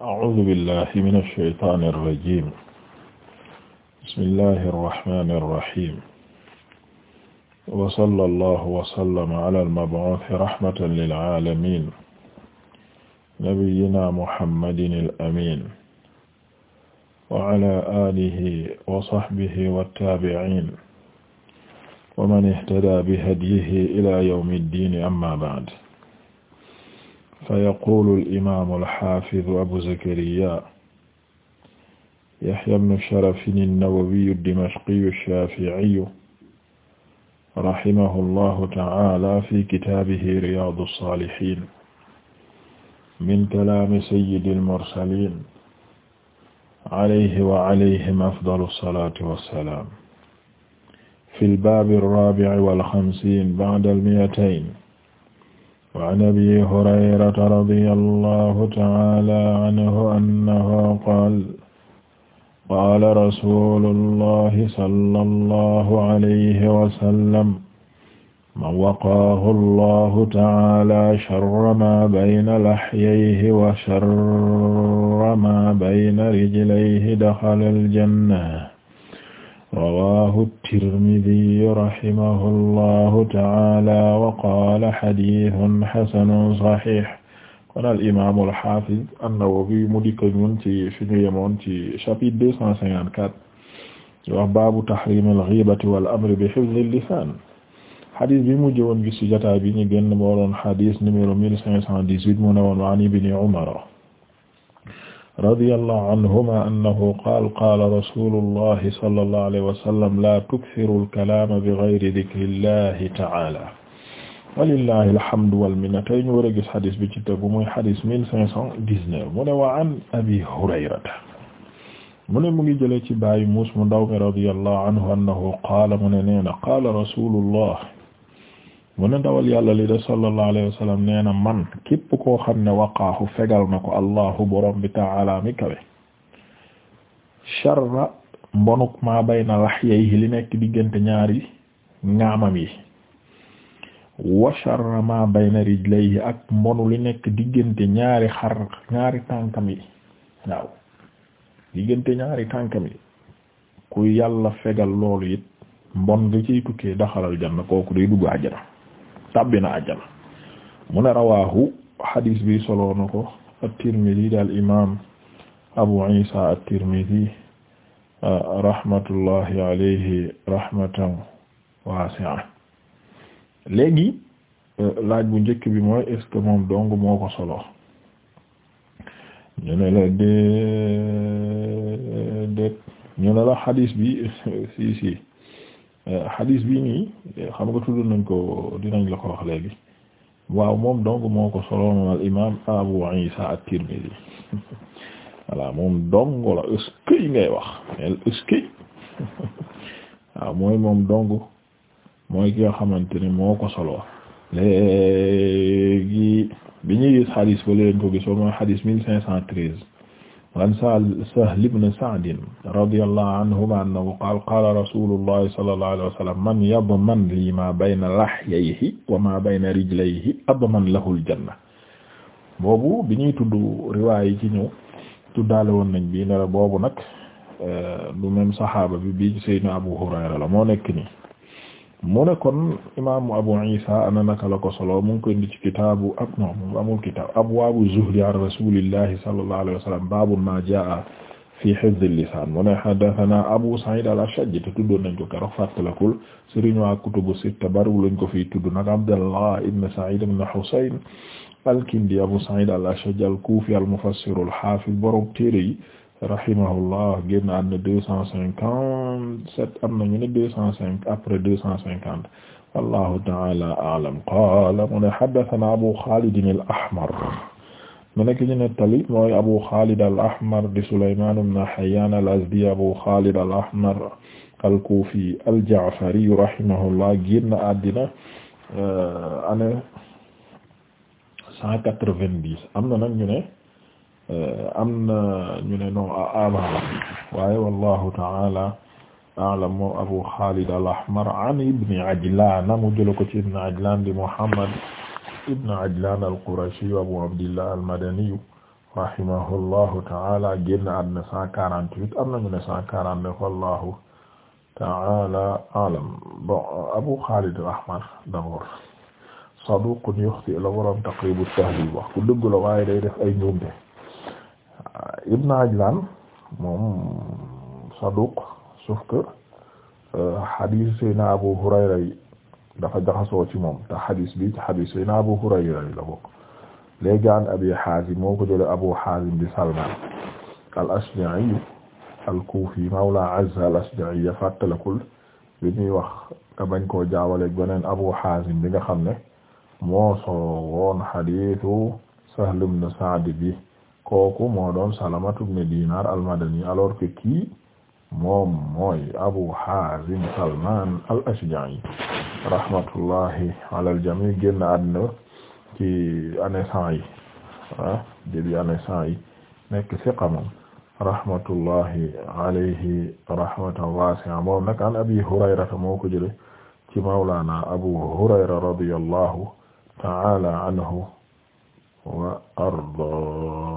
أعوذ بالله من الشيطان الرجيم بسم الله الرحمن الرحيم وصلى الله وسلم على المبعوث رحمة للعالمين نبينا محمد الأمين وعلى آله وصحبه والتابعين ومن اهتدى بهديه إلى يوم الدين أما بعد فيقول الإمام الحافظ أبو زكريا يحيى بن شرف النووي الدمشقي الشافعي رحمه الله تعالى في كتابه رياض الصالحين من كلام سيد المرسلين عليه وعليهم أفضل الصلاة والسلام في الباب الرابع والخمسين بعد المئتين وعن أبي هريرة رضي الله تعالى عنه أنه قال قال رسول الله صلى الله عليه وسلم من وقاه الله تعالى شر ما بين لحييه وشر ما بين رجليه دخل الجنة رواه الترمذي رحمه الله تعالى وقال حديث حسن صحيح kon الإمام الحافظ النووي mu dikk ñun ci fi ñu yemoon ci chapitre 254 ci wax baabu تحريم الغيبة والأمر بحفظ اللسان xadis bi mu jëwoon gis ci jotaay bi ñu génn booloon xadis numéro 1518 mu newoon وعن ابن radiyallahu anhuma annahu qaala qaala rasulullahi sallallahu alayhi wa sallam laa tuksiru al-kalaama bi ghayri dhikrillahi ta'aala walillahi alhamdu wal minna tey ñu war a gis xadis bi ci tegu muy xadis mille cinq cent dix-neuf mu ne wa an abi hurayrata mu ne mu ngi jëlee ci baayu muus mu ndaw mi radiyallahu anhu annahu qaala mu ne nee na qaala rasulullah mu ne ndawal yàlla li de sallallahu alayhi wa sallam nee na man képp koo xam ne waqaahu fegal na ko allahu borom bi ta'ala mi kawe sharra mbonuk maa bayna lahyayhi li nekk diggante ñaari ngaamam yi wa sharra maa bayna ak mbonu li nekk diggante ñaari ñaari tànkam yi waaw diggante ñaari tànkam yi ku yàlla fegal loolu it mbon nga ciy tukkee daxalal janna kooku day dugg àjjana tàbbi na àjjana mu ne rawaahu hadis bi solo na ko at-Tirmidhi daal imaam Abu Isa at rahmatullahi alayhi rahmatan wasi'a léegi laaj bu njëkk bi mooy est-ce moom dong moo ko solo ñu ne la déedéet ñu ne la hadis bi si si xadiis euh, bi nii xam nga tudd nañ ko dinañ la ko wax léegi waaw moom dong moo ko soloon al imaam Abu Isa at-Tirmidhi voilà moom dong la ëskëy ngay wax mel ëskëy waaw mooy moom dong mooy ki nga xamante ni moo ko solo léegi bi ñuy gis xadiis ba leen ko gisoon mooy xadiis mille cinq an Sahl ibn Sa'd radiyallahu anhuma annahu qaala qaala rasuulullahi sallallahu alayhi wa sallam man yadman lii maa bayna lahyayhi wa maa bayna rijlayhi adman lahul janna boobu bi ñuy tudd riwaay yi ci ñëw tuddaale woon nañ bii ne la boobu nag euh, du même saxaaba bi bii ci Seydina Abu Hurayra la moo nekk nii. mu ne kon imaamu Abu Isa ana naka la ko solo mu ngi koy indi ci kitaabu ak non moom amul kitaab abwaabu zuhdi an baabu maa jaa fi hifdil lisaan mu ne haddathanaa Abu Sa'id al-Ashajj te tuddoon nañ ko keroog fàttalikul sëriñ waa kutubu sitta bariwul lañ ko fiy tudd nag Abdallah ibn Sa'id ibn Husayn al-Kindi Abu Sa'id al-Ashajj al-Kufi al-mufassir al yi rahimahullah génn ànd deux cent cinquante sept am nañu ne deux cent cinq après deux cent cinquante wallahu ta'ala a'lam qala mu ne haddathana Abu Khalid al-Ahmar mu nekk ñu nettali mooy Abu Khalid al-Ahmar di Sulayman ibn Hayyan al-Azdi Abu Khalid al-Ahmar al-Kufi al-Ja'fari rahimahullah génn àddina euh, année cent quatre-vingt-dix am na nag ñu ne Euh, am na ñu ne non aba ah, waaye wallahu taala a'lam moom Abu Khalid al-Ahmar an Ibn Ajlan mu jël ko ci Ibn Ajlan di Muhammad Ibn Ajlan al-Qurashi Abu Abdillah al-Madani rahimahullahu taala génn àddina 148 am na ñu ne 149 wallahu taala a'lam bon Abu Khalid al-Ahmar d'abord saduq yukhti la waroon Taqrib at-Tahdhib wax ku dëgg la waaye day def ay njuumte Euh, ibn Ajlan moom saduq sauf que hadith euh, Abu Hurayra yi dafa jaxasoo ci moom te hadith bi ci hadith Abu Hurayra yi la bokk léegi an Abi moo ko jëlee Abu Hazim bi Salman al-Ashja'i al mawla Azza al-Ashja'i fàttalikul ñuy wax nga bañ koo jaawale beneen Abu Hazim bi nga xam ne moo soo woon hadithu Sahl ibn bi kooku moo doon Salamatu ibn Dinar al-Madani alors que kii moom mooy Abu Hazim Salman al-Ashja'i rahmatullahi ala al-jami' génn àdduna ci année ah, nekk siqa moom rahmatullahi alayhi rahmatan wasi'a moom nag an Abi Hurayrata moo ko jële mawlana Abu Hurayra radiyallahu ta'ala anhu wa arda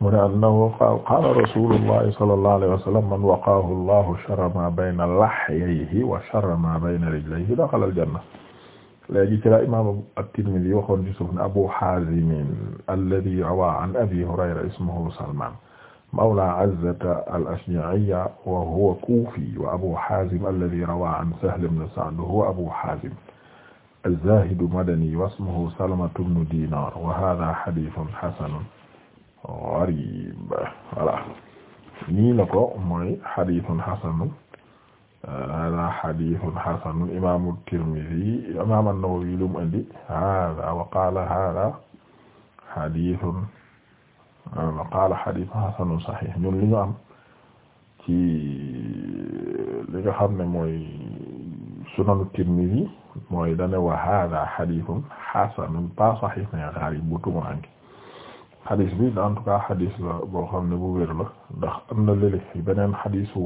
mu ne annahu qaala rasulullahi sallallahu alayhi wa sallam man waqaahu allahu sharra ma bayna lahyayhi wa sharra ma bayna rijlayhi daxala aljanna léegi ci la imaam at-Tirmidhi waxoon ci suuf ne Abu Haazim alladhi rawaa an Abi Hurayra ismuhu Salmaan mawla Azzata al-Ashja'iyya wa huwa kuufi wa Abu Haazim alladhi rawaa an Sahl ibn Sa'd huwa Abu Haazim az-Zaahid madani wa ismuhu Salamatu bnu Diinaar wa haadha hadiithun hasanun gharib voilà nii la ko mooy hadithun hasanun hada hadithun hasanun imaamu Tirmidhi imaam an-Nawawi lu mu andi hada wa qaala hada hadithun wa qaala hadithun hasanun sahih ñun li ñu am ci li nga xam ne mooy sunanu Tirmidhi mooy dane wa hada hadithun hasanun pas sahih mais gharib bu tumaranke xadis bi en tout boo xam ne bu wér la ndax am na léeg beneen xadisu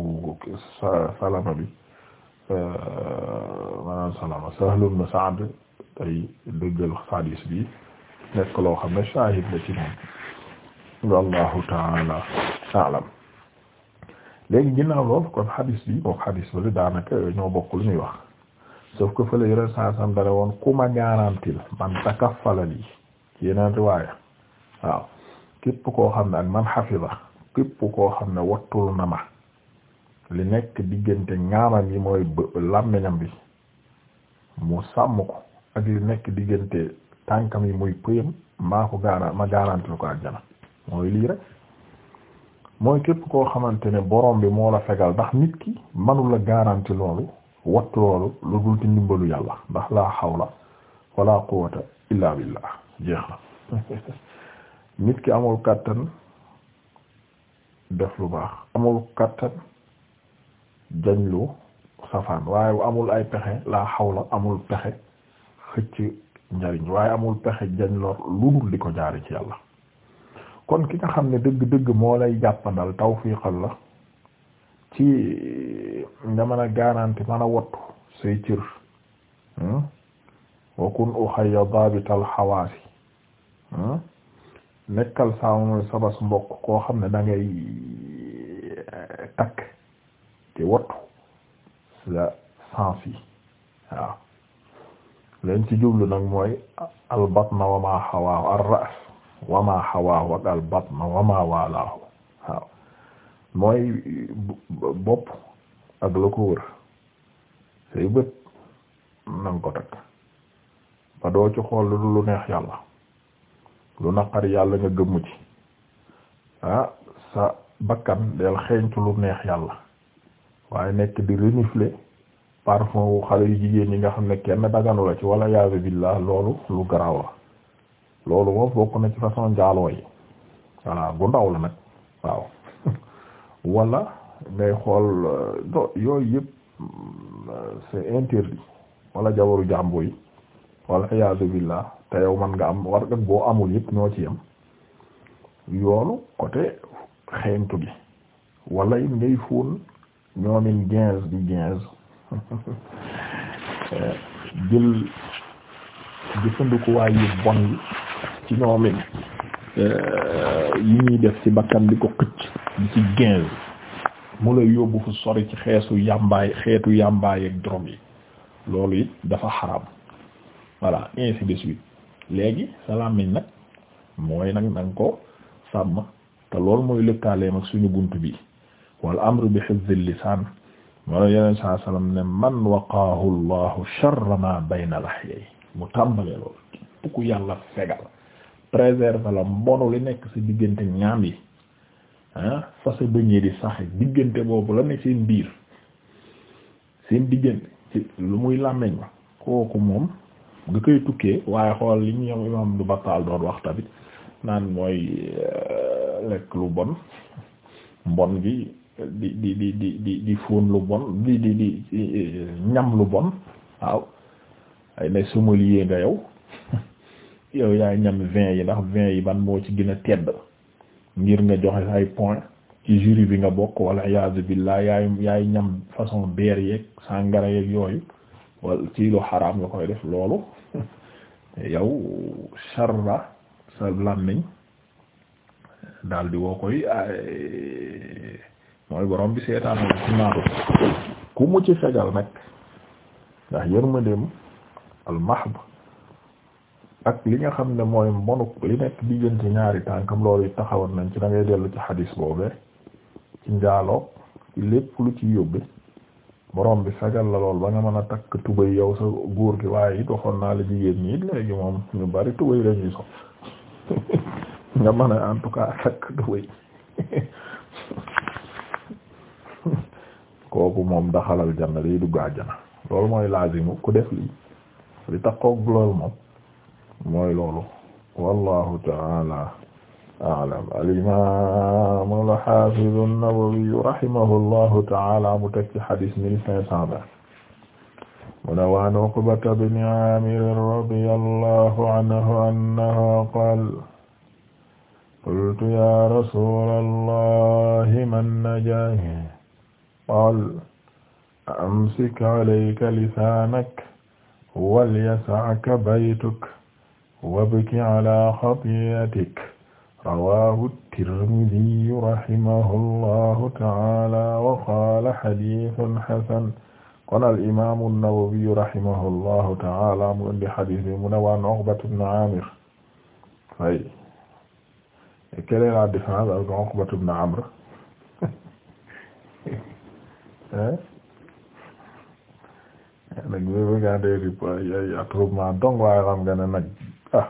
salama bi euh, maanaam salama Sahl ibn Sa'd tey dëggal bi nekk loo xam ne shahid la ci moom wallahu taala aalam léegi ginnaaw lool kon xadis bi moom xadis bale daanaka lu ñuy wax sauf que fële woon ku ma garantil man takaffala lii ci yeneen riwaaya waaw képp koo xam ne ak man xafiza képp koo xam ne wattul na ma li nekk diggante ngaamam yi mooy làmmiñam bi mu sàmm ko ak li nekk diggante tànkam yi muy pëyam maa ko gaara ma garantil ko àjjana mooy lii rek mooy képp koo xamante ne borom bi moo la fegal ndax nit ki manula garanti loolu wattu loolu lu dul ci ndimbalu yàlla ndax laa xawla wala quwwata illa billah jeex na nit ki amul kàttan def lu baax amul kàttan jañ lu safaan waaye amul ay pexe laa xawla amul pexe xëcc njariñ waaye amul pexe jañ lor lu dul di ko jaari ci yàlla kon ki nga xam ne dëgg-dëgg moo lay jàppandal tawfiqal la ci nga mën a garanti mën a wattu say cër hmm? wa uxaya dabital xawaasi hmm? nekkal saamu sabas mbokk koo xam ne da ngay eh, takk te wattu la sens yi waaw leen ci jublu nag mooy albatna wamaa xawaahu ak albatna wamaa waalaahu waaw mooy bopp ak la ko wër say bët nanga ko takk ba doo ci xool lu neex yàlla lu naqari yàlla nga gëmmu ci ah sa bakkan del xeeñtu lu neex yàlla waaye nekk di renifler parfum xale yu jigéen ñi nga xam ne kenn daganu la ci wala yaabi billah loolu lu garaaw la loolu moom bokk na ci façon njaaloo yi voilà gu ndaw la nag waaw wala ngay xool yooyu yëpp c'est interdit wala jabaru jàmbo yi wala yaabi billah te yow man nga am war ak boo amul yëpp ñoo ci yam yoonu côté xeeñtu gi walla it ngay fóon ñoomin quinze di quinze eh, jël jëfandikuwaay yu bon yi ci ñoomin eh, yi ñuy def ci bakkan bi ko xëcc di ci quinze mu la yóbbu fu sori ci xeesu yàmbaay xeetu yàmbaay ak drogue yi loolu it dafa xaram voilà ainsi de suite léegi sa làmmiñ nag mooy nag na nga ko sàmm te loolu mooy lëkkaaleem ak suñu bunt bi wal amru bi hifzil lisaan mooy yeneen saa salaam ne man waqaahu allahu sharra ma bayna lahyay mu tàmbalee loolu képp ku yàlla fegal préserve la mbonu li nekk ci diggante ñaam yi ah fa sa bëñee di saxe diggante boobu la ne seen biir seen diggante ci lu muy làmmiñ ma kooku moom nga koy tukkee waaye xool li ñu yom imam du battaal doon wax tamit naan mooy euh, lekk lu bon mbon gi di di di lu bon di di di ñam lu bon waaw ay ne sommelier nga yow yow yaay ñam vin yi ndax vin yi ban moo ci gën a tedd ngir nga joxe ay point ci jury bi nga bokk wala iyaazu billah yaay yaay ñam façon beer yeeg sangara yeeg yooyu wala ci lu xaraam nga koy def loolu yow sharra sa làmmiñ daal di woo koy mooy borom bi seetaan ci naatu ku mu ci fegal nag ndax yërmandeem al mahb ak li nga xam ne mooy mbonuk li nekk diggante ñaari tànkam loolu taxawoon nañ ci da ngay dellu ci xadis boobee ci njaaloo lépp lu ci yóbbe borom bi sagal la lool ba nga mën a takk tubay yow sa góor gi waaye it waxoon naa la jigéen ñi it léegi moom ñu bari tubay la ñuy so nga mën a en tout cas takk kooku moom daxalal janna day dugg àjjana loolu mooy lazimu ku def li li takkook loolu moom mooy loolu wallahu taala alam al-imaam al-haafiz an-Nawawi rahimahullahu ta'aala mu tekki xadis mille cinq cent vingt mu ne waan Uqbata bni Aamir radiyallahu anhu annahu qaala qultu yaa rasuulallahi man najaaka qaala amsik alayka lisaanak walyas'aka baytuk wabki alaa xatii'atik rawaahu tirmidiyu rahimahullahu ta'ala wa qaala hadiisun hasan kon al imaamu nawawiyu rahimahullahu ta'ala mu indi hadiis bi mu ne waan Uqbatu bnu Aamir fay quelle est la différence entre Uqbatu bnu Amr nag bi nga dee di ay attroupement dong waaye xam nga ne nag ah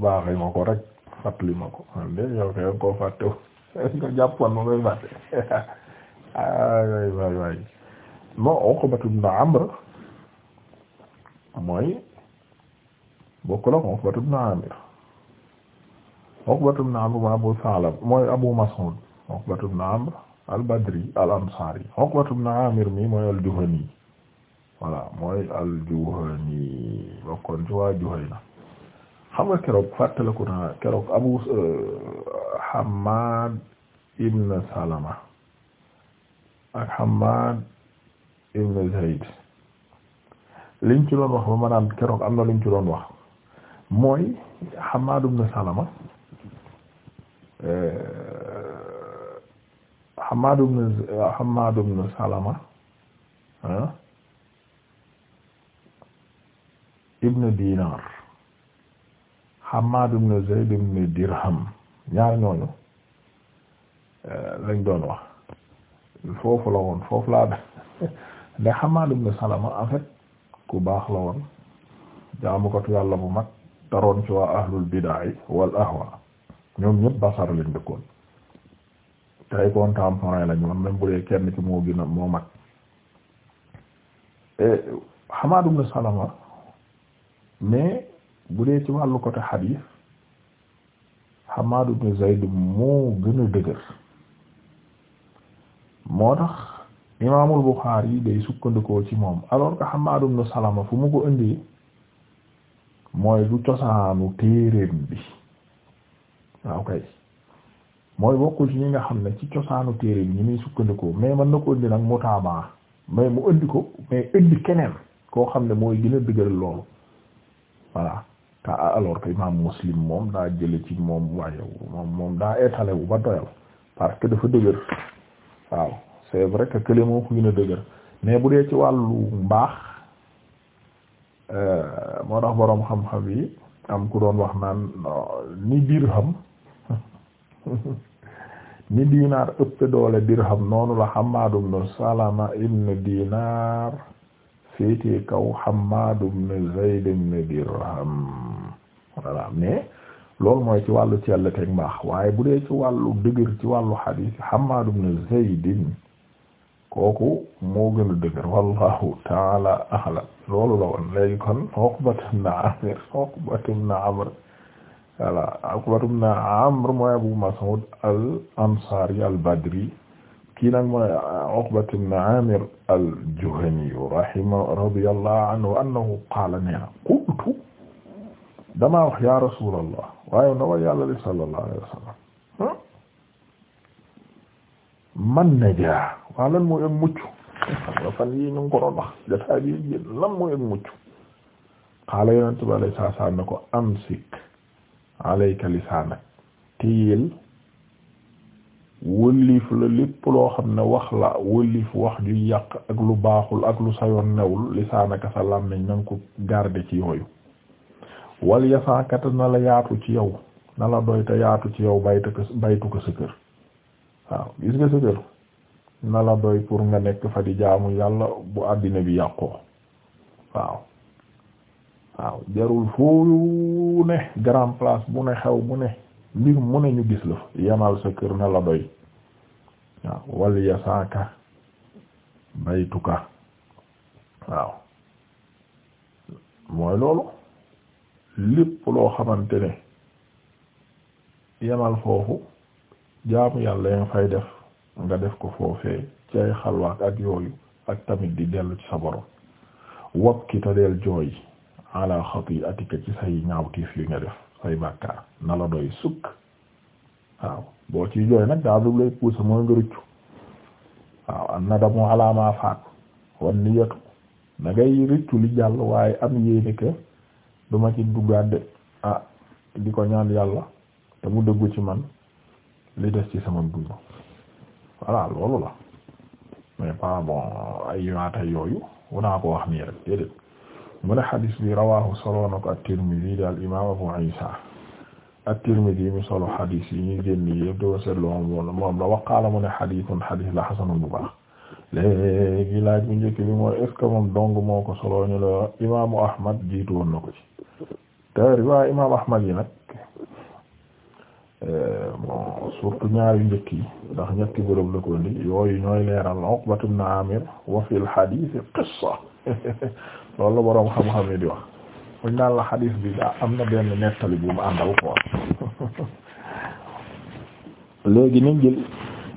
baaxe nga ko rek fàttali ma ko ah, man de yow de yow koo fàtte wu ko jàppoon ma koy fàtte waay waay waay non Uqbatu ibn Amr mooy bokkul ak Uqbatu ibn Amir Uqbatu ibn Amr mooy Abu Salama mooy Abu Mas'ud Uqbatu ibn Amr al-Badri al-Ansari Uqbatu ibn Amir mi mooy al-Juhani voilà mooy al-Juhani bokkoon ci waa xam nga keroog fàttaliku naa euh, ibn Salama ak ibn Zayd liñ ci doon wax ba maanaam keroog am na luñ ci doon wax mooy Hamad ibn Salama euh, Hamad ibn euh, Hamad ibn Salama ah ibn Dinar Hammad ibn Zayd ibn Dirham ñaar ñooñu euh, lañ doon wax foofu la woon foofu laa ne Hammad ibn Salama en ku baax la woon jaamukatu yàlla bu mag taroon ci waa ahlul bidaa'i wal ahwa ñoom ñëpp basar lañ dëkkoon tey contemporain lañ woon kenn ci moo gën moo mag Hammad ibn Salama mais bu dee ci wàllu côté xadiis Hammaad ibn Zayd moo gën a dëgër moo tax imaamul Buxaari day sukkandikoo ci moom alors que Hammaad ibn Salama fu mu ko indi mooy du cosaanu téereem bi waaw kay mooy bokkul ci ñi nga xam ne ci cosaanu téere ñu ñi muy sukkandikoo mais mën na ko indi nag mu taabaa mais mu indi ko mais indi keneen koo xam ne mooy gën a dëgëral loolu voilà ta alors que imam muslim moom daa jële ci moom waayow moom moom daa étalé wu ba doyal parce que dafa dëgër waaw c'est vrai que moo ko gën a dëgër mais bu dee ci wàllu baax euh, moo tax boroom xam-xam yi am ku doon wax naan ni dirham ni dinaar ëpp doole dirham noonu la Hammaad ibn Salama ibn dinaar féetee kaw Hammad ibn Zayd ibn Dirham voilà mais loolu mooy ci wàllu ci yàlla teg mbaax waaye bu dee ci wàllu dëgër ci wàllu xadiis Hammad ibn Zayd kooku moo gën a dëgër wallahu taala ahla loolu la woon kon Uqbat ibn Amir Uqbat ibn Amr mooy Abu Mas'ud al-Ansari al-Badri kii nag mooy ah, Uqbat ibn Amir al-Juhani rahimahu radiyallahu anhu annahu qaala neena qultu damaa wax ya rasulallah waaye ndawal yàlla li sallallahu alayhi wa sallam hmm? man najaa waaw lan mooy ak mucc nga fan yii ñu ngi ko doon wax dafa yi yén lan mooy ak mucc qaala yonente bi alayhi salaam ne ko amsik alayka lisaanak téyel wëlif la lépp loo xam ne wax la wëlif wax ju yàq ak lu baaxul ak lu sayoon newul li sa làmmiñ na nga ko garder ci yooyu wal yasankata na la yaatu ci yow na la doy te yaatu ci yow baytu ko baytu ko sa kër waaw gis nga sa na la doy pour nga nekk fa di jaamu yàlla bu àddina bi yàqoo waaw waaw jarul foo ne grand place bu ne xew bu ne mbir mu ne ñu gis la yemal sa kër na la doy waaw wal yasaaka baytuka waaw mooy loolu lépp loo xamante ne yemal foofu jaamu yàlla yang fay def nga def ko foofee ci ay xalwaat ak yooyu ak tamit di dellu ci sa borom wab ki ta del jooy ala xati'atika ci say ñaawtiif yi nga def say bàkkaar na la doy sukk waaw boo ci jooy nag daa du lay puusa moo nga rëccu waaw an nadamu ala ma faat wan niyatu da ngay rëccu li jàll waaye am yéene que duma ci duggaat de ah di ko ñaan yàlla te mu dëggu ci man li des ci sama dund voilà loolu la mais pas bon ay yonaata yooyu wanaa ko wax nii rek déedéet mu ne xadis bi rawaahu solo na ko at-Tirmidhi di al imaam Abu Isa at-Tirmidhi mi solo xadis yi ñu génn yëpp doo seetlu moom moom la mu ne xadis la xasanun bu baax léegi laaj bu njëkk bi mooy est-ce moom dong moo ko solo ñu la imaamu Ahmad jiitu woon na ko ci te riwaaya imaamu Ahmad yi nag bon ñaari njëkk yi ndax ñetti bërëb la ko yooyu ñooy leeral Uqbatu ibn Aamir wa fil xadiisi qissa loolu la boroom xam wax buñ la xadiis bi daa am na benn nettali bu mu àndal quoi léegi nañ jël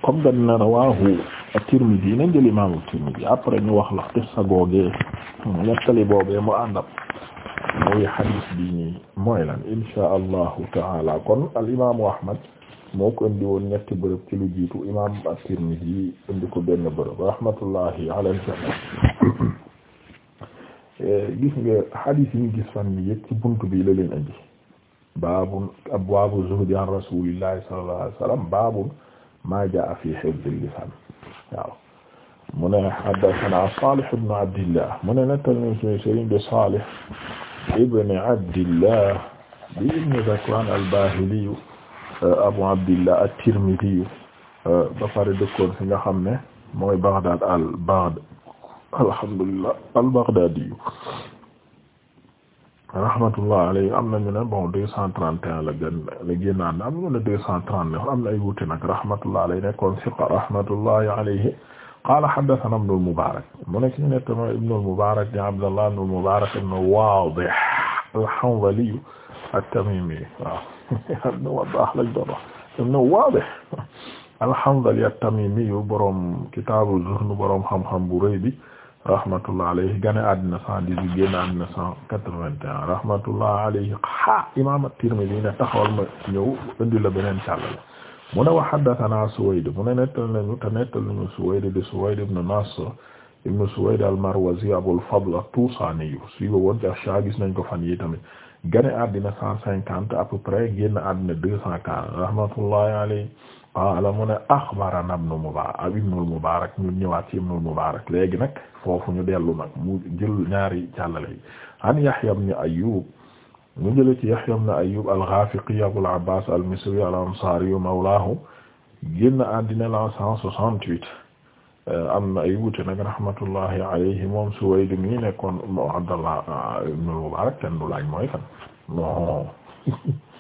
comme rawaahu at-Tirmidhi nañ après ñu wax la qissa googee nettali boobee mu àndal mooy xadiis bi ñuy mooy lan insha allahu kon al Ahmad moo ko indi woon ñetti bërëb ci lu jiitu imaam at indi ko benn bërëb rahmatullahi alayhi gis nga hadith yi gis fan yi yëpp ci buntu bi la leen indi baabun abwaabu zuhdi an rasuulillahi sallallahu alayhi wa sallam baabun maa jaa fi hifdil lisaan waaw mu ne haddathanaa Saalih ibn Abdillah mu ne nettal ñu suñu sëriñ bi Saalih ibn Abdillah bi ibn Zakwaan al-Baahili Abu Abdillah at-Tirmidhi ba pare dëkkoon fi nga xam ne mooy Baghdad al-Baghdad alhamdulillah al-Baghdadi rahmatullah alayhi am nañu ne bon deux cent trente et un la gën la génnaan am nañu ne deux cent trente-neuf am na ay wuute nag rahmatullah alayhi nekkoon siqa rahmatullahi alayhi qaala haddathana Ibn al-Mubarak mu nekk ñu nett moo Ibn al-Mubarak di Abdullah ibn al-Mubarak ibn Wadih al-Hanzali at-Tamimi waaw ibn Wadih lañ doon wax ibn Wadih al-Hanzali at-Tamimi borom kitaabu zuhd borom xam-xam bu rëy bi rahmatullah alayhi gane addina cent dix-huit génn addina cent quatre-vingt-un rahmatullah alayhi ha imam at-Tirmidhi a taxawal ma ñëw indi la beneen càllale mu ne wa a Suwayd mu ne nettal nañu te nettal nañu Suwayd di Suwayd ibn Nasr ibn Suwayd al-Marwazi Abul Fadl at-Tusani si ba a ci sha gis nañ ko fan yi tamit gane addina cent cinquante à peu près addina deux cent quarante rahmatullahi qaala mu ne axbarana ibnu Mubaarak ah, ibnul Mubaarak ñu ñëwaat ci ibnul Mubaarak léegi nag foofu ñu dellu nag mu jël ñaari càllale yi an Yahya ibnu Ayyuub ñu jële ci Yahya ibnu Ayyuub al-Ghafiqi Abul Abbaas al-Misri al-Ansaari mawlaahu génn àddina la 168 eh, am na ay wuute nag rahmatullahi alayhi moom Suwayd mi nekkoon Abdallah ah, ibnul Mubaarak am du laaj mooy kan non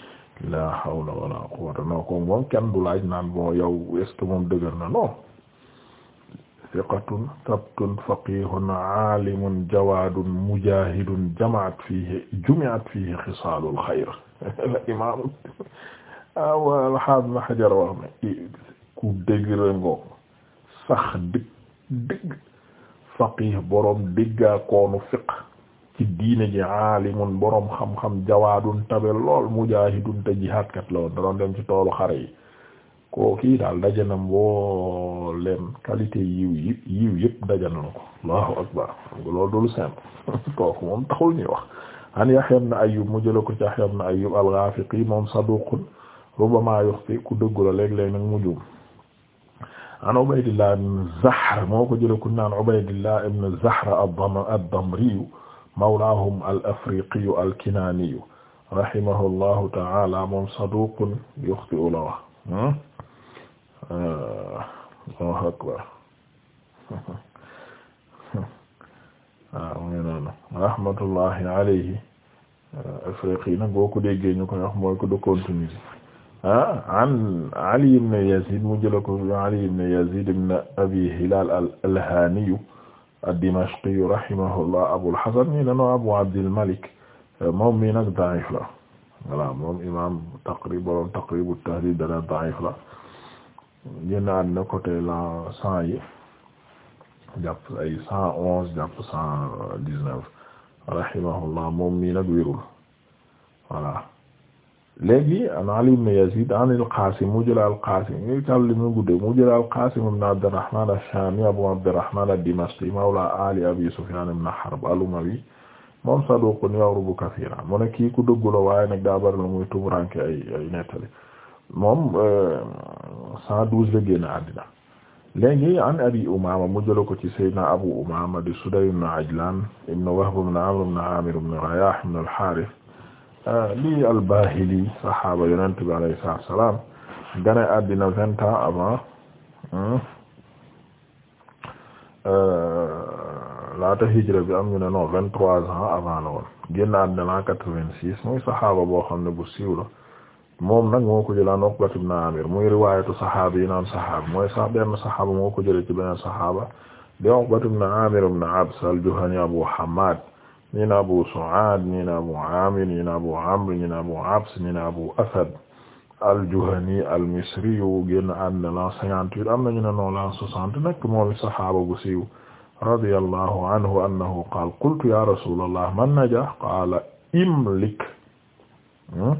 la hawla wala quwwata non ko moom kenn du laaj naan bon yow est ce que moom dëgër na non thiqatun sabtun faqihun alimun jawadun mujahidun jamaat fihi jumiat fihi xisaalul xayr la imam awal haafid hajar wax ne ku dëgër ngo sax dëgg dëgg faqih borom diggaa koonu fiqh ci diine ji aalimun boroom xam-xam jawaadun tabe lool mujaahidun te jihaadkat la woon da doon dem ci toolu xare yi koo kii daal dajana mbooleem qualité yiw yi yiw yëpp na ko allahu akbar loolu dul simple kooku moom taxul ñuy wax an Yahya ibn Ayyub mu jëla ko ci Yahya ibn Ayyub al-Ghafiqi moom saduqun rubbama yukhti ku dëggu la léeg mu juum an Ubaydillah ibn Zahr moo ko jëla ku naan Ubaydillah ibn mawlaahum al afriqiyu al kinaaniyu rahimahullahu ta'ala moom saduqun yuxti'u la wax Allahu akbar waaw mu ngi noonu rahmatullahi alayhi afriqi nag boo ko déggee ñu koy wax mooy ko de continuer ah an Ali ibn Yazid mu jëla ko Ali ibn Yazid ibn Abi Hilal al-Alhaniyu ad-Dimashqi rahimahullah Abul Hasan ni nano Abu Abdil Malik moom mi nag da'if la voilà moom imam Taqrib borom Taqrib at-Tahdhib dana da'if la génnaat na côté la cent yi jàpp ay cent onze jàpp cent dix-neuf rahimahullah moom mi nag wérul voilà léegi an Ali ibn Yazid an al-Qasim mu jël al-Qasim ñu tal mu gudde mu jël al-Qasim ibn Abd al-Rahman ash-Shami Abu Abd al-Rahman mawla Ali Abi Sufyan ibn Harb al-Umawi moom saduqun yawrubu kathira mu ne kii ku dëggu la waaye nag daa bari la muy tumuranke ay ay nettali moom 112 euh, la génn àddina léegi an Abi Umama mu jël ko ci Sayyidina Abu Umama di Sudayy ibn Wahb ibn Amr ibn Amir ibn al-Harith lii al-Bahili saxaaba yonent bi alayhi salaatu wa salaam gane àddina hmm, euh, laata hijra bi am ñu ne non vingt trois ans avant la muy saxaaba boo xam ne bu siiw moom nag moo ko jëlee an Uqbat ibn Amir muy riwaayatu saxaaba yi naan saxaaba mooy benn saxaaba moo ko jëlee ci beneen saxaaba Amir ibn Abs al-Juhani Abu Hammad ñi na Abu Su'ad ñi na Abu Amir ñi na Abu Amr ñi na Abu Abs ñi na Abu Asad al-Juhani al-Misri yu génn àddina la 58 am nañu ne noonu la 60 nekk moomi sahaaba bu siiw radiyallahu anhu annahu qaala qultu ya rasulallah man naja qaala imlik hmm?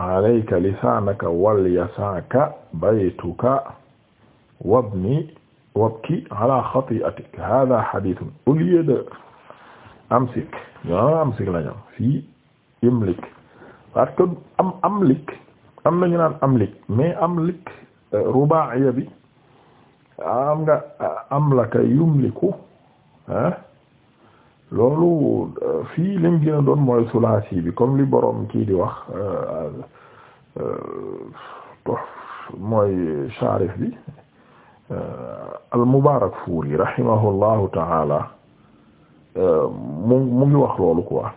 alayka lisaanaka walyasaaka baytuka wabni wabki ala xati'atik haaza hadiisun amsik ñoo amsik la ñoom fii imlik parce que amlik am nañu naan amlik mais amlik euh, rubaaya bi am nga euh, amlaka yumliku loolu euh, fii lim gën a doon mooy sulaasi bi comme li boroom kii di wax tox mooy sharif bi al mubaarak fuuri rahimahullahu taala mu mu ngi wax loolu quoi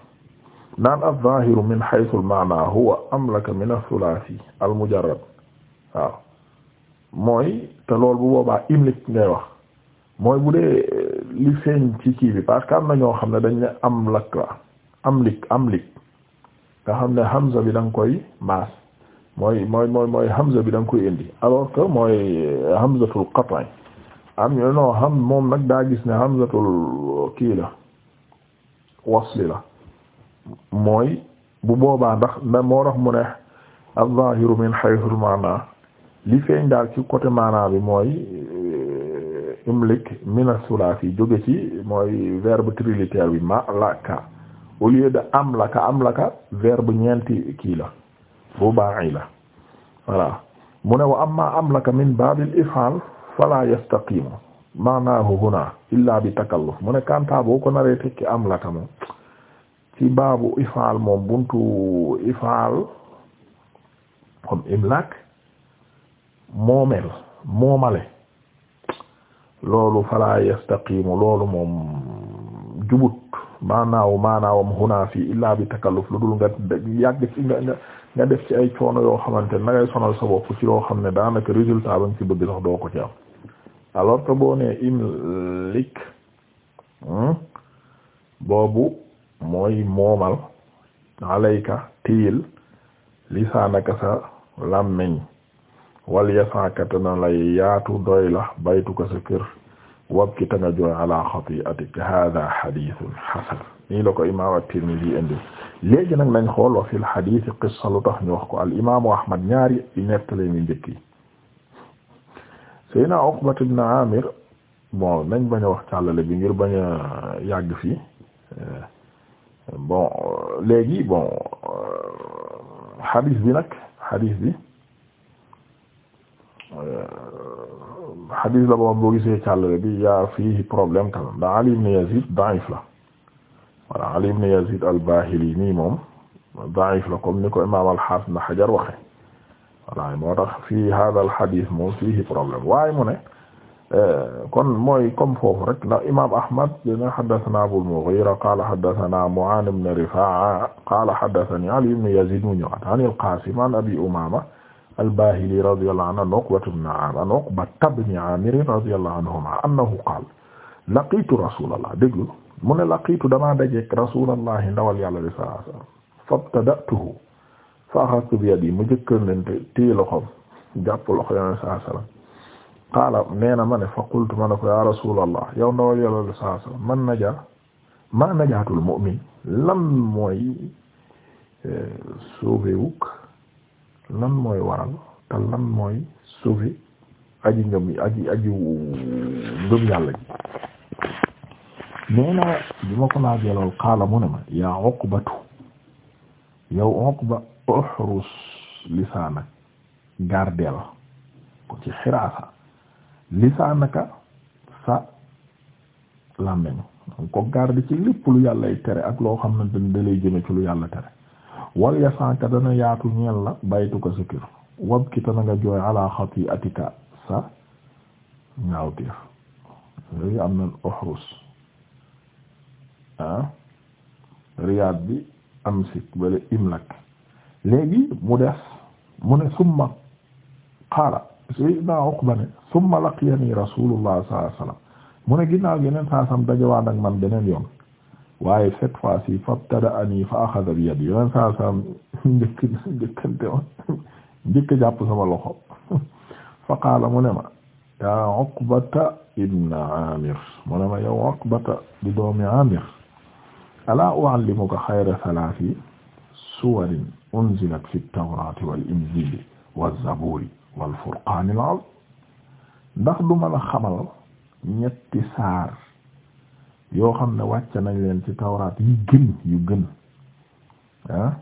naan az-zaahiru min haythu al-ma'na huwa amlaka min ath-thulaathi al-mujarrad waaw mooy te loolu bu boobaa imlik ngay wax mooy bu dee li feeñ ci kii bi parce am na ñoo xam ne dañ am ne amlak la am amlik nga xam ne hamza bi da koy maas mooy mooy mooy mooy hamza bi da koy indi alors que mooy hamzatul qat'i am ñoo xam moom nag daa gis ne hamzatul kii la wasli la mooy bu boobaa ndax nda moo tax mu ne az-zahiru min haythu al li feeñ daal ci côté maana bi mooy euh, imlik min as-sulaasi joge ci mooy verbe trilitère bi ma la ka au lieu de ñeenti kii la ruba'i la voilà mu ne wa am la ka min baabil if'aal fala yastaqimu maanaahu huna illa bi takalluf mu ne kanta boo ko naree tekki am la tamu ci baabu ifaal moom buntu ifaal comme imlak moomel moomale loolu fala yastaqimu loolu moom jubut maanaawu maanaawam huna fi illa bi takalluf lu dul nga yàgg ci nga def ci ay coono yoo xamante ne ngay sonal ci loo xam ne daanaka résultat ba nga ci bëgg sax doo ko ci am alors que boo nee lik hmm, boobu mooy moomal alayka tiil lisaanaka sa làmmiñ wal yasaakata na lay yaatu doy la baytuka sa kër wab ki ta nga jooy ala xati'atik hada xadithun xasan nii la ko imam at-Tirmidhi indi léegi nag nañ xool wa fil xadith qissa lu tax ñu wax ko al imamu ahmad ñaari i nettale mi njëkk Seyna Uqbat ibn Amir bon nañ bañ a wax càllale bi ngir bañ a yàgg fii bon léegi bon hadith bi nag hadith bi hadith la boobu boo gisee càllale bi yaa fii problème quand même ndax Ali ibn Yazid da'if la voilà Ali ibn Yazid al-Bahili nii moom da'if la comme ni ko imaam al-Hafiz Ibn Hajar waxe voilà moo tax fii hadal hadis moom fii problème waaye mu ne kon mooy comme foofu rek ndax imaam Ahmad dina haddathana Abul Mughira qaala haddathana Mu'aan ibn Rifaa'a qaala haddathani Ali ibn Yazid mu ñëwaat an al-Qaasim an Abi Umaama al-Baahili radiyallahu anhu an Uqbata ibn Aamir an Uqbata ibn Aamir radiyallahu anhumaa annahu qaala laqiitu rasuulallah déglu mu ne laqiitu damaa dajeek rasuulallah ndawal yàlla sallallahu alayhi wa sallam fabtada'tuhu faaxastu bi yadi mu jëkkërlante téye loxoom jàpp loxo yoneen saa sallam qaala nee yow ndawal yolol saa man naja ma najaatul mu'min lan mooy eh, sauvé wuk lan mooy waral te lan mooy sauvé aji ngëm yàlla ji nee bi ma ko laaj yolol qaala mu ne ma yaa Uqbatu yow Uqba uhrus lisaanak gardeel ko ci xiraasa lisaanaka sa làmmiñ ko garde ci lépp lu yàllay tere ak loo xam ne dalay jëme ci lu yàlla tere wal yasanka dana yaatu ñeel la baytu ko sa kër wabki tana nga jooy ala xati'atika sa ñaawteef yooyu am na uhrus ah, riyaad bi amsik bale imlak léegi mu def mu ne summa qaala sayyidina Uqba ne summa laqiyani rasulullah sallallahu alayhi wasallam mu ne ginnaaw yeneen saa sam dajewaan ak man beneen yoon waaye cette fois ci fabtada'ani fa akhadha bi yadi yeneen saa sam njëkk njëkkante woon njëkk jàpp sama loxo fa qaala mu ne ma yaa Uqbata ibn Amir mu ne ma yow Uqbata di doomi Amir alaa u'allimuka xayra salaasi suwarin unzilat fi tawraati wal injiili waz zabuuri wal furqaanil aziim ndax du ma la xamal ñetti saar yoo xam ne wàcc nañ leen ci tawraat yi gën yu gën ah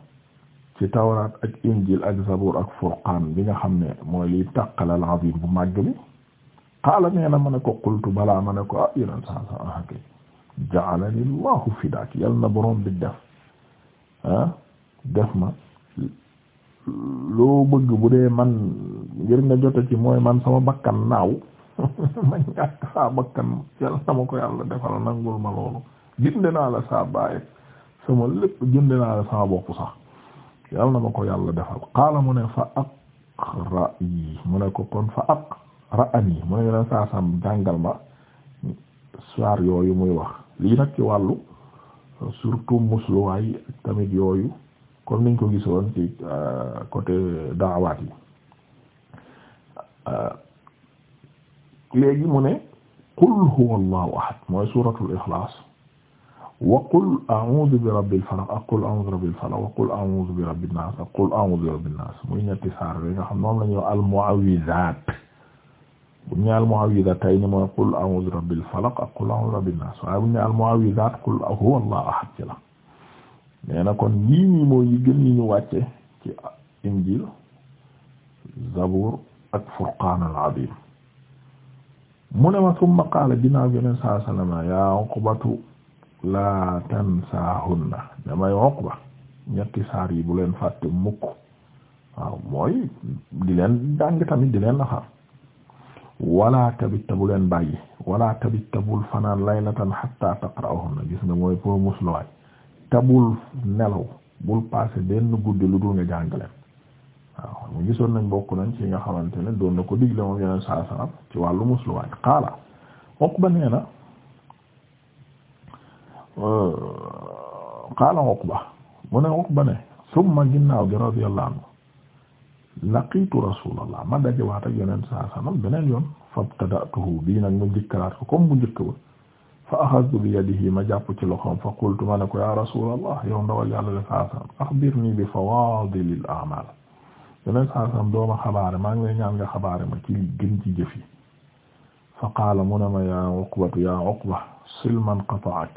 ci tawraat ak injil ak zabuur ak furqaan bi nga xam ne mooy liy tàqal al azim bu màgg bi qaala nee na ma ne ko qultu balaa ma ne ko ah yéneen san san ah kay ja'alani llahu fidaak yal na boroom bi def ah def ma loo bëgg bu dee man ngir nga jote ci mooy man sama bakkan naaw man ñàkk saa bakkan yàlla sama ko yàlla defal nangul ma loolu jënde naa la saa bàyyi sama lépp jënde naa la sama bopp sax yàlla na ma ko yàlla defal qaala mu ne fa aqra yi mu ne ko kon fa aqra ani mu ne yeneen saa sam jàngal ma saar yooyu muy wax lii nag ci wàllu surtout musluwaay tamit yooyu comme niñ ko gisoon ci euh, côté daawaat yi euh, léegi mu ne qul huwa allahu ahad mooy suratul ixlaas wa qul a'udhu bi rabbil falaq ak qul a'udhu bi rabbil falaq wa qul a'udhu bi rabbin nas ak qul a'udhu bi rabbin nas muy ñetti saar yi nga xam noonu la ñuy al mu'awwizaat bu ñu al mu'awwizaat tay ni mooy qul a'udhu bi rabbil falaq ak qul a'udhu bi rabbin nas waaye bu ñu al mu'awwizaat qul huwa allahu ahad ci la nee na kon yii nii mooy yi gën yi ñu wàcce ci injil zabur ak furqaan al azim mu ne ma summa qaala ginnaaw yeneen saa sallama yaa uqbatu laa tansaahunna damay uqba ñetti saar yi bu leen fàtte mukk waaw mooy di leen jàng tamit di leen naxar wala tabitta bu leen bàyyi wala tabitta bul fanaan laylatan hatta taqra'ahunna gis nga mooy pour musluwaay tabul nelaw bul passé benn guddi lu dul nga jàngale waaw mu gisoon nañ bokk nañ ci nga xamante ne doon na ko digle moom yeneen saa salaam ci wàllu musluwaay xaala Uqba nee na xaala euh, Uqba mu ne Uqba ne summa ginnaaw gi radiyallahu anhu laqiitu rasulallah ma dajewaat ak yeneen saa salaam beneen yoon fabtada'tuhu bii nag mu njëkkalaat ko comme mu njëkk ba fa axastu bi yadihi ma jàpp ci loxoom fa qultu ma ne ko ya rasulallah yow ndawal yàlla le saasam axbirni bi fawadilil a'mal yeneen saasam dooma xabaare maa ngi lay ñaan nga xabaare ma ci gën ci jëf yi fa qaala mu ne ma ya uqbatu ya uqba silman qata'ak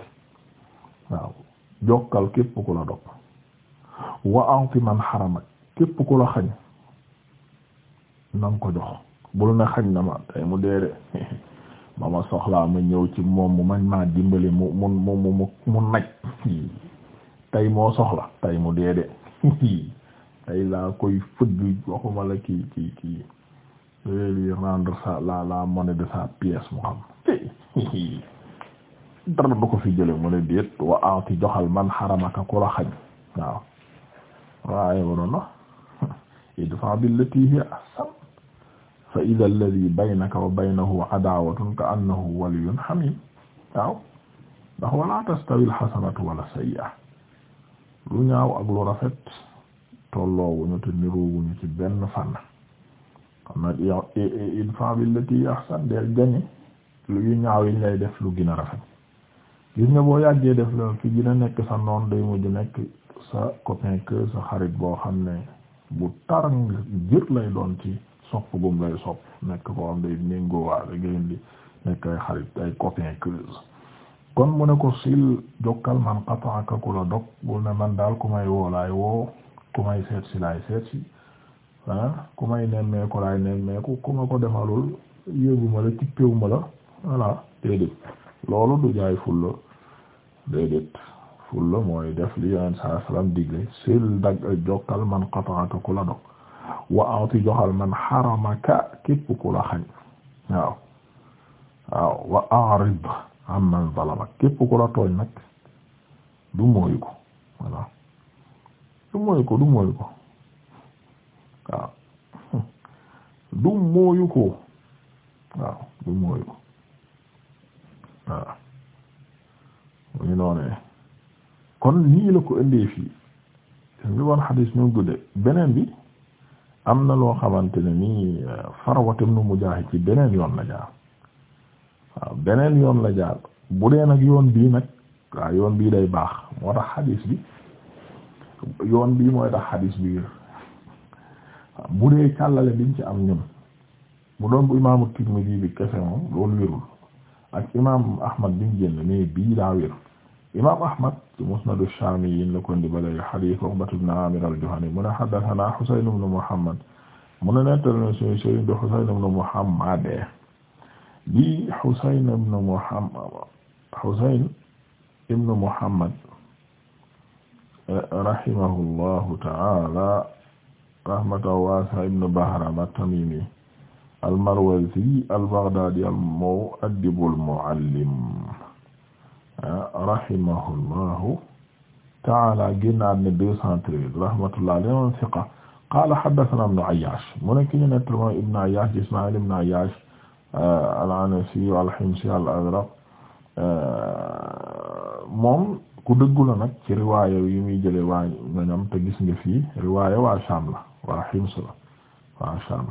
waaw jokkal képp ku la dog wa a'ti man haramak képp ku la xañ nang ko jox bul ne xañ na ma tay mu deede ba ma soxlaa ma ñëw ci moom mu ma maa dimbali mu mu mu mu mu naj tey moo soxla tey mu deede tey laa koy fëgg waxuma la kii kii kii yooyu lui rendre sa de sa pièce mu xam dara du ko fi jële mu ne déet wa aati joxal man xaramaka ku la xañ waaw waaye waroon na idfa billati hiya ahsan fa ida alladi baynaka wa baynahu adaawatun ka annahu waliyun hamim waaw ndax wala tastawi alxasanatu wala sayyi'a lu ñaaw ak lu rafet tolloowuñu te niroowuñu ci benn fànn kon ahsan deel gañe lu ñaaw lay def lu gën a rafet gis nga boo yàggee def la ki gën a nekk sa noon day mujj nekk sa copain que sa xarit boo xam ne bu tar jër lay doon ci sopp gum lay sopp nekk ko am day méngoowaale ngeen di nekk ay xarit ay copain creuse kon mu ne ko sil jokkal man qataaka ku la dog bul ne man daal ku may woo laay woo ku may seet si laay seet si ah ku may nemmeeku laay nemmeeku ku ko defalul yéeguma la tippewuma la voilà déedéet loolu du jaay fulla déedéet fulla mooy def li yeneen saa salaam digle sil dag jokkal man qataaka ku dog wa ati joxal man xaramaka képp ku la xañ waaw waaw wa a'rid am man zalamak képp ku la tooñ nag du mooyu ko voilà du mooyu ko du mooyu ko waaw du mooyu ko waaw du mooyu ko waaw mu ngi noonee kon nii la ko indee fii li woon xadiis ñu gudde beneen bi am na loo xamante ne nii euh, Farwa ibn Mujahid ci beneen yoon la jaar waaw beneen yoon la jaar bu dee nag yoon bii nag waaw yoon bii day baax moo tax xadiis bi yoon bii mooy tax xadiis bi bu dee càllale biñ ci am ñun bu doon bu imaamu Tirmidhi bi kese moom loolu wérul ak imaam Ahmad biñ génn mais bii daa wér imaam Ahmad ci musnadu Shaamiyyiin la ko indi balay hadiis Uqbata ibn Aamir al-Juhani mu ne haddathanaa Husayn ibn Muhammad mu ne nettal na suñu sëriñ di Husayn ibn Muhammad di Husayn ibn Muhammad Husayn ibn Muhammad rahimahullahu ta'aala rahmatan waasi'a ibn Bahraam at-Tamiimi al-Marwazi al-Baghdaadi al-mu'addib al-mu'allim rahimahullahu ta'ala génnaat ne deux cent treize rahmatullah alayhi moom thiqa qala haddathana ibnu Ayyash mu nekk ñu nettali mooy ibnu Ayyash Ismaïl ibnu Ayyash euh, al-Anasi al-Himsi al-Azraq euh, moom ku dëggu la nag ci riwaaya yi muy jële waa ñoñam te gis nga fii riwaaya waa Sham la waa Hims la waa Sham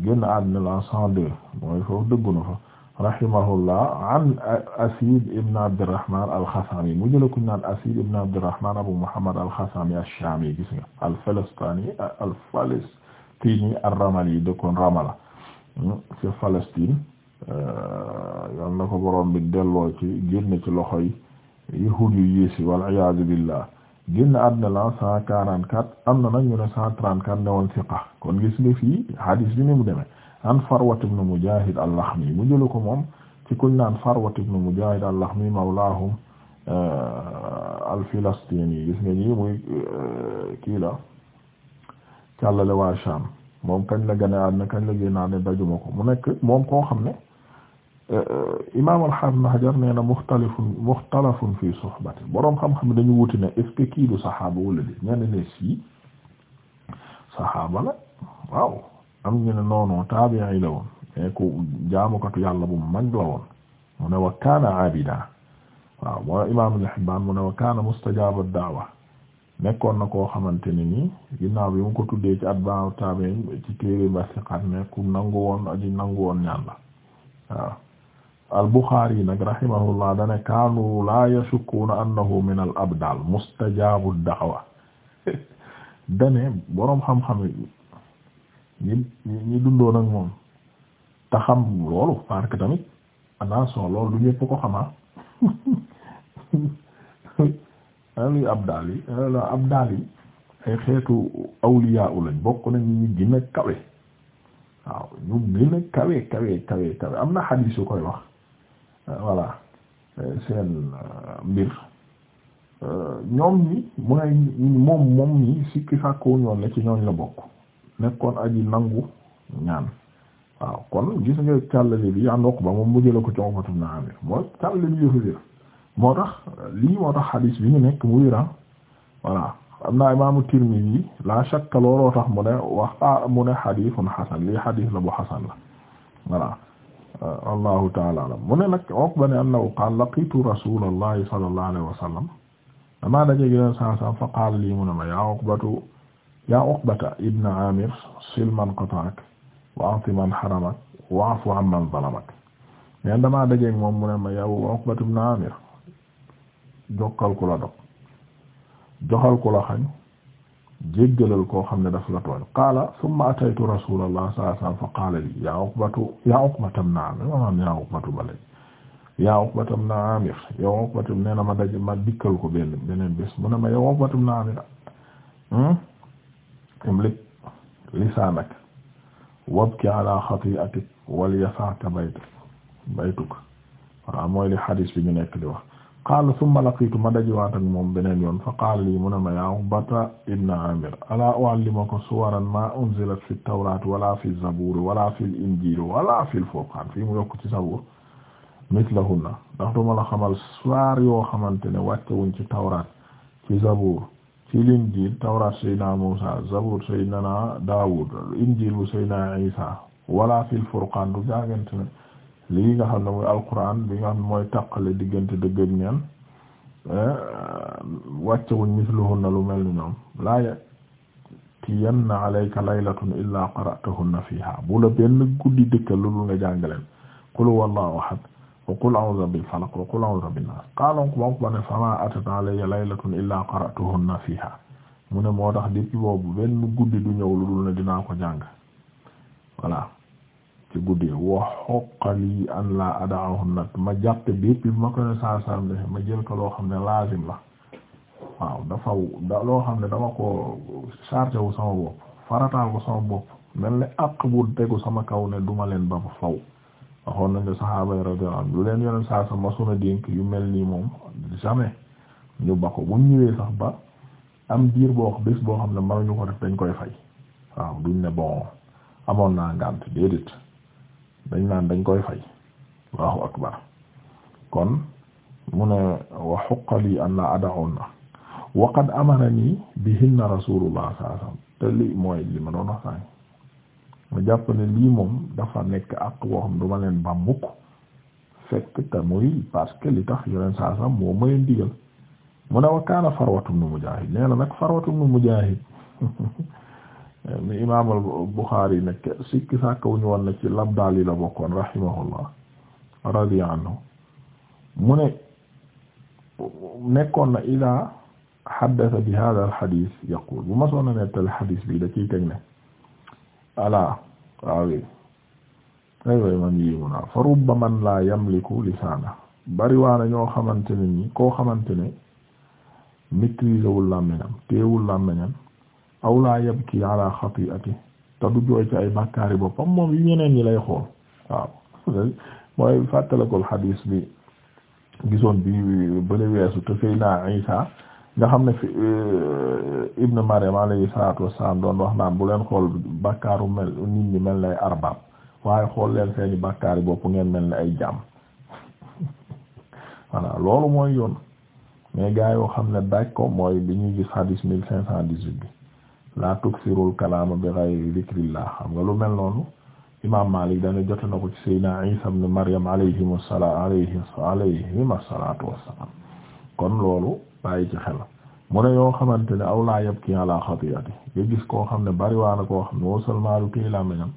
génn àddina la cent deux mooy foofu dëggu na fa rahimahullah an Asid ibn Abdirrahman mu jël ku ñu naan Asid ibn Abdirrahman Abu Muhammad al-Khassami ash-Shami gis nga Ramala hmm, ci Palestine euh, yal ko borom bi delloo ci génn ci loxo yahuud yu yées yi wal iyaadu billah génn àddina la 144 am na nag ñu ne 134 newoon kon gis nga fii hadis bi ni mu demee. an Farwat ibn Mujahid al-Lahmi mu jëlu ko moom ci kuñ naan Farwat ibn Mujahid al-Lahmi mawlaahum euh, al-Filistini gis nga ñi muy euh, kii la càllale waa Sham moom kañ la gane adna kañ la génn adna dajuma ko mu nekk moom koo xam ne euh, imaam al-Hafiz Ibn Hajar nee na mukhtalifun mukhtalafun fi suhbati boroom xam-xam dañu wuti ne est-ce que di ñenn am ñu ne noonu taabi'i la woon mais eh, ku jaamukatu yàlla bu mag la woon mu ne wa abida imaam Ibn Hibbaan mu ne wa kaana mustajaaba da'wa na koo xamante ne nii ginnaaw bi mu ko tuddee ci atba'u taabi'iin ci téere nangu woon aji nangu woon ñaan al-Bukhari nag rahimahullah dane kaanu laa yashukkuuna annahu min al abdaal mustajaabu da'wa dane boroom xam-xam ñi ñi dundoon ak moom te xam loolu parce que tamit attention loolu du ñëpp ko xamaa luy abdaal yi la abdaal yi xeetu awliya u lañ bokk nañ ñu gën a kawe waaw ñu gën a kawe kawe kawe kawe am na xadiis yu koy wax voilà seen euh, mbir euh, ñoom ñi mu ne moom moom ñi sikki sàkkoon yoon la ci ñooñ la bokk nekkoon aji nangu ñaan waaw kon gis nga càllale bi an Uqba moom mu jëla ko ci Uqba ibn Amir mooy càllale bi yëfa wér moo tax lii moo tax xadiis bi ñu nekk mu wéran ah. voilà am naa imaamu Tirmidhi la shakka looloo tax mu ne wax a ah, mu la bu xasan taala alam mu ne nag Uqba ne annahu qaala laqitu rasulallahi mu ne ma yaa Uqbatu yaa Uqbata ibn Amir sil man qata'ak wa a'ti man haramak wa'fu amman zalamak mais damaa dajeeg moom mu ne ma yow Uqbata ibn Amir jokkal ku la dog joxal ku la xañ jéggalal koo xam ne daf la tooñ qaala thumma ataytu rasulallah sallallahu alayhi fa qaala li yaa Uqbatu ibn Amir maanaam yaa Uqbatu bale yaa Uqbata ibn Amir yow Uqbata ko benn beneen ibn Amir hmm? imlik lisaanak wabki ala xati'atik wal yasa'ka baytuk baytuk waaw mooy li xadis bi ñu nekk di wax qaala thumma laqiitu ma dajewaat ak moom beneen yoon fa qaala lii mu ne ma yaa Uqbata ibn Aamir alaa u'allimuka suwaran maa unzilat fi tawraat wala fi zabuur wala fi injiil wala fi furqaan fii mu yokk ci zabuur mislahunna ndax duma la xamal saar yoo xamante ne wàcce wuñ ci tawraat ci zabuur ci linjiil tawraat seydna muusa zabur seydna daawud injiil bu seydna isa wala fil furqaan du jaagante ne lii nga xam ne mooy alquran bi nga xam ne mooy taqale diggante dëggëg ñeen eh, wàccewuñ misluhunna lu mel ni ñoom laa yatiyanna alayka laylatun illaa qara'tahunna fiihaa bu la benn guddi dëkkal lu nga jàngaleen qul huwallahu ahad qul a'uuzu bil falaq wa qul a'uuzu bin naas qaalan ko moom ko ne famaa atat alayya laylatun illaa qara'tuhunna fiihaa mu ne moo tax depuis boobu benn guddi du ñëw lu dul ne dinaa ko jàng voilà ci guddi wa haqqa an laa ada'ahunna ma jàppe depuis ma ko ne saa saa ma jël ko loo xam ne laazim la waaw dafa loo xam ne dama ko chargé wu sama bopp farataal ko sama bopp mel ne àq bu tegu sama kaw ne duma leen ba faw waxoon nañ ne saxaaba lu leen yoneen saa sa masuna dénk yu mel nii moom jamais ñu ba ko bu ñëwee sax ba am diir boo bés boo xam ne mënuñu ko def dañ koy fay waaw duñ ne bon amoon naa ngànt déedéet dañ naan dañ koy fay Allahu akbar kon mu ne wa an la adaxoon na wa qad amarani bihinna rasulullah sallallahu alayhi wasallam te li mooy li ma doon wax sànq mu jàpp ne lii moom dafa nekk ak boo xam duma leen ba mukk fekk te muy parce li tax yoneen saa sam moom ma leen digal mu ne wa kaana Farwatu ibn Mujaahid nee na nag Farwatu ibn Mujaahid mi imaam al-Buxaari nekk sikki sàkk wuñu woon na ci labdaal yi la bokkoon rahimahullah radiya anhu mu ne nekkoon na idaa haddasa bi haadha al-hadiis yaqul bu ma soona nettali hadiis bi da ciy ne ala waaw ay way man yéemu naa fa rubba man laa yamliku lisaana bariwaana ñoo xamante ne koo xamante ne maîtriser wul làmmiñam teewul làmmiñam aw laa yabki ala xati'ati te du jooy ci ay bàkkaari boppam moom yu ñeneen ñi lay xool waaw mooy fàttalikul xadiis bi gisoon bi bële weesu te Seydina Isa nga xam ne fi euh, Ibn Maryam alayhi salaatu wassalaam doon wax naan bu leen xool bakkaaru mel nit ñi mel nay arbaab waaye xool leen seeni bakkaari bopp ngeen mel ni ay jaam voilà loolu mooy yoon mais gaa yoo xam ne daaj ko mooy bi ñuy gis hadis mille cinq cent dix-huit bi la tuksirul kalaama bi ghayri dhikrillah xam nga lu mel noonu imaam Maalik dana jot na ko ci Seydina Isa ibn Maryam alayhim assalaam alayhim alayhim assalaatu wassalaam kon loolu bàyyi ci xel mu ne yoo xamante ne aw laa yab ki ala xatiyati nga gis koo xam ne bariwaana koo xam ne woo seulement lu téy làmmiñam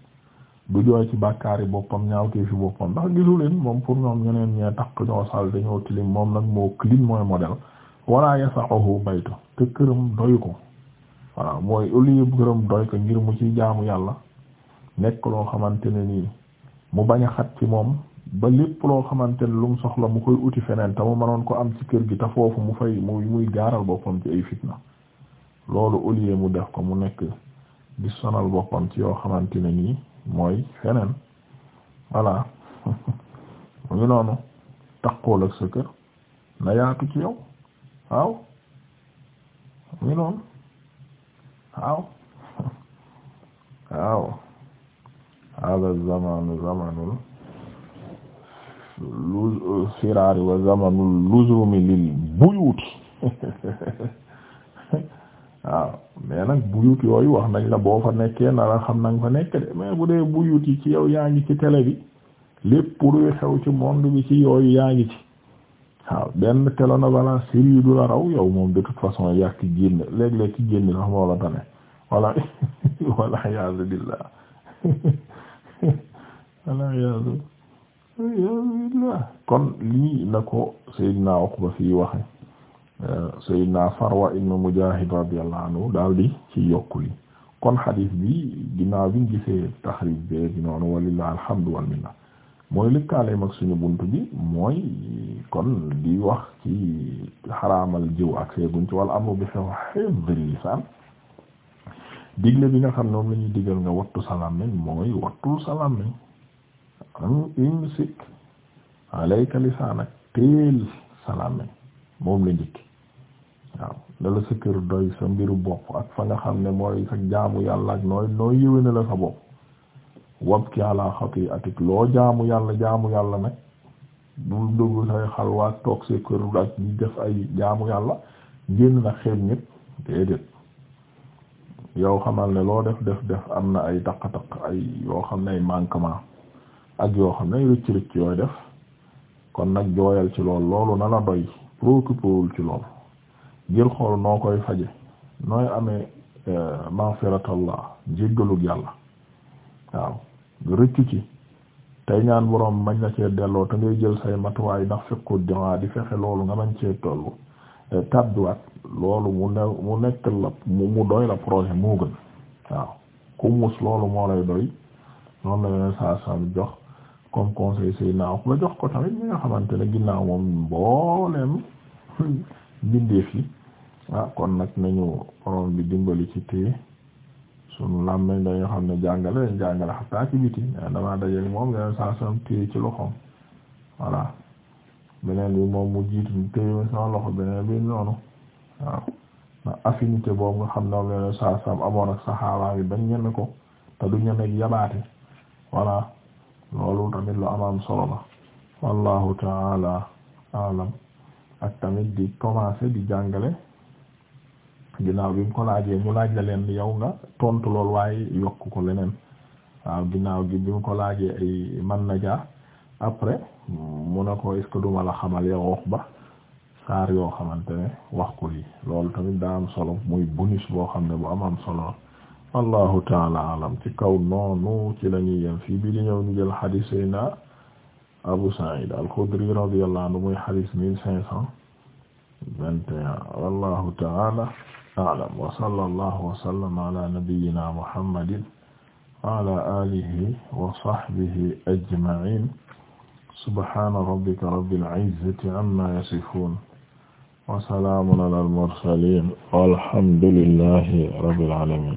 du jooy ci bàkkaari boppam ñaaw téy fi boppam ndax gisuleen moom pour ñoom ñeneen ñee takk ñoo sal dañoo tilim moom nag moo clean mooy modèle wala yasaxohu baytu te këram doy ko voilà mooy au lieu këram doy ko ngir mu ci jaamu yàlla nekk loo xamante ne nii mu bañ a xat ci moom ba lépp loo xamante ne lu mu soxla mu koy uti feneen te mu mënoon ko am ci kër gi te foofu mu fay muy muy gaaral boppam ci ay fitna loolu au mu def ko mu nekk di sonal boppam ci yoo xamante ne nii mooy feneen voilà mu ngi noonu takkool ak sa kër na yaatu ci yow waaw mu ngi noonu waaw waaw hada zamanu zamanul lu firaari wa zamanu luzumi lil buyuti waaw mais nag buyut yooyu wax nañ la boo fa nekkee na la xam nañ fa nekk de mais bu dee buyut ci yow yaa ngi ci télé bi lépp luy xew ci monde bi ci yooyu yaa ngi ci waaw benn télénovela série du la raw yow moom de toute façon yaa ci génn léeg-léeg ci génn sax moo la tane walla walla yaazu billah walla yaazu kon lii la ko Seydina Uqba fii waxe Seydina Farwa ibn Mujahid radiyallahu anhu daal di ci yokku li kon xadis bi ginnaaw biñ gisee taxrij bi noonu walillahi alhamdu wal minna mooy lëkkaaleem ak suñu bunt bi mooy kon di wax ci xaraamal jëw ak seeguñ ci wala amru bi xew hifdil lisaan digle bi nga xam ne moom la ñuy digal nga wattu sa làmmiñ mooy wattul sa làmmiñ kon imsik alayka lisaanak teel salaam moom la njëkk waaw dala sa kër doy sa mbiru bopp ak fa nga xam ne mooy sa jaamu yàlla ak nooy nooy yëwé na la sa bopp wabki ala xati'atik loo jaamu yàlla jaamu yàlla nag bul dugg say xalwaat toog sa kër ak di def ay jaamu yàlla génn na xeeb ñépp déedéet yow xamal ne loo def def def am na ay taq-taq ay yoo xam ne ay manquement ak yoo xam ne rëcc rëcc yooy def kon nag jooyal ci lool loolu na la doy préoccupéwul ci lool ngir xool noo koy faje nooy amee euh, maghfiratallah njéggalug yàlla waaw rëccu ci tey ñaan borom mañ la cee delloo te ngay jël say matuwaay ndax fekku dimaa di fexe loolu nga mañ cee tollu euh, tabbiwaat loolu mu ne nekk la mu doy la projet moo gën waaw ku mus loolu moo lay doy noonu la yeneen saa saa jox comme conseil Seydina Uqba jox ko tamit mi nga xamante ne ginnaaw moom mbooleem mbindeef yi ah kon nag nañu borom bi dimbali ci téye sunu làmmiñ dañu xam ne jàngale dañ jàngale xataa ci biti eh, damaa dajeeg moom yeneen ci loxoom beneen bi moom mu jiitu téye sama loxo beneen bi noonu waaw ndax affinité boobu nga xam ne moom yeneen saa amoon ak saxaaba bi bañ ñeme ko te du ñeme yabaate voilà. loolu tamit lu am solo la wallahu taala alam ak tamit di commencer di jàngale ginnaaw bi mu ko laajee mu laaj la leen yow nga tontu lool waaye yokk ko leneen waaw ginnaaw gi bi mu ko laajee ay man na jaa après mu na ko est ce que duma la xamal yow wax ba saar yoo xamante ne wax ko lii loolu tamit daa am solo muy bonus boo xam ne bu am am solo allahu taala alam ci kaw noonu ci la ñuy yem fii bi di ñëw ñu jël xadis sayna Abu Sa'id al-Khudri radiyallahu anhu muy xadis mille cinq cent vingt et un wallahu taala alam wa sallallahu wa sallama ala nabiyyina muhammadin wa ala alihi wa sahbihi ajma'in subhana rabbika rabbil izzati amma yasifun wa salamun ala al-mursalin walhamdulillahi rabbil alamin